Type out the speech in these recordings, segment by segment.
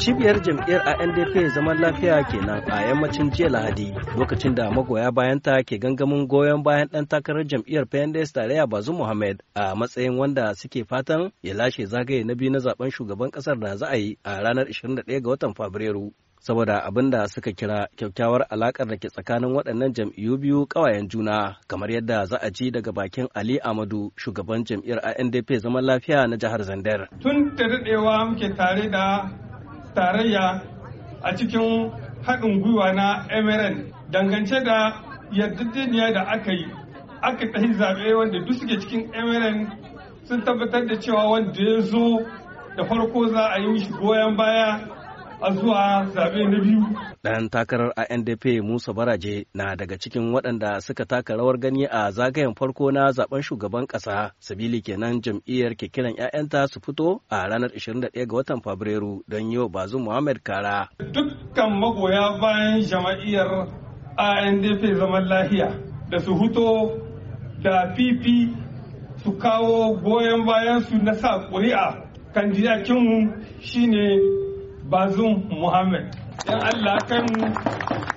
cibiyar jam'iyyar a ndp zaman lafiya kenan a yammacin jiya lahadi lokacin da magoya bayanta ke gangamin goyon bayan ɗan takarar jam'iyyar pnds tarayya bazu muhammad a matsayin wanda suke fatan ya lashe zagaye na biyu na zaben shugaban ƙasar da za a yi a ranar 21 ga watan fabrairu saboda abin da suka kira kyakkyawar alakar da ke tsakanin waɗannan jam'iyyu biyu ƙawayen juna kamar yadda za a ji daga bakin ali amadu shugaban jam'iyyar a ndp zaman lafiya na jihar zandar tun da daɗewa muke tare da tarayya a cikin haɗin gwiwa na mrn dangance da yarjejeniya da aka yi aka tahi zaɓe wanda duk suke cikin mrn sun tabbatar da cewa wanda ya zo da farko za a yi mishi goyon baya a zuwa zaɓe na biyu. Ɗan takarar NDP Musa Baraje na daga cikin waɗanda suka taka rawar gani a zagayen farko na zaben shugaban ƙasa. Sabili kenan jam'iyyar ke kiran 'ya'yanta su fito a ranar 21 ga watan Fabrairu don yi wa Bazu Muhammad Kara. Dukkan magoya bayan jama'iyyar ANDP zaman lahiya da su fito da fifi su kawo goyon bayan su na sa ƙuri'a. mu shine bazum muhammad in allah kan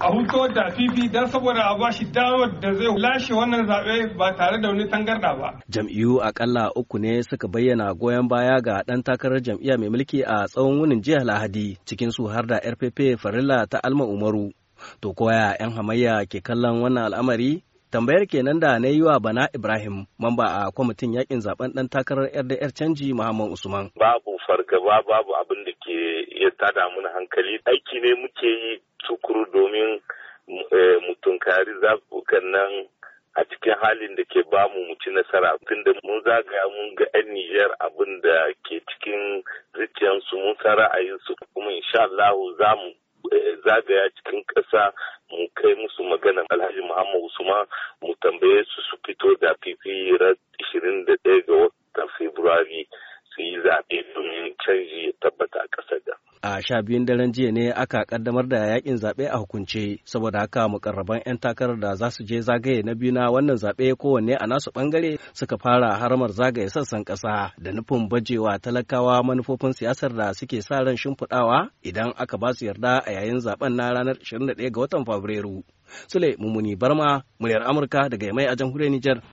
a huto da fifi don saboda a bashi damar da zai lashe wannan zaɓe ba tare da wani tangarda ba jam'iyyu akalla uku ne suka bayyana goyon baya ga ɗan takarar jam'iyya mai mulki a tsawon wunin jiya lahadi cikin su har da rpp farilla ta alma umaru to koya 'yan hamayya ke kallon wannan al'amari Tambayar kenan da na yi wa Bana Ibrahim, mamba a kwamitin yakin zaben ɗan takarar 'yar da 'yar canji Muhammad Usman. Babu fargaba babu abin da ke ya tada mana hankali. Aiki ne muke yi tukuru domin eh, mutunkari za nan a cikin halin da ke ba mu ci nasara da mun zagaya mun ga 'yan Nijar abin da ke cikin zuciyarsu mun san ra'ayinsu kuma insha za mu zagaya cikin ƙasa mu kai musu magana alhaji Muhammadu usman mu tambaye su su fito da fifi 21 ga watan februari su yi zaɓe domin canji ya sha biyun daren jiya ne aka kaddamar da yakin zaɓe a hukunce saboda haka mukarraban 'yan takarar da za su je zagaye na biyu na wannan zaɓe kowanne a nasu ɓangare suka fara haramar zagaye sassan ƙasa da nufin bajewa talakawa manufofin siyasar da suke sa ran shimfiɗawa idan aka ba su yarda a yayin zaɓen na ranar 21 ga watan Fabrairu. Sule Mumuni Barma, muryar Amurka daga Yamai a jamhuriyar Nijar.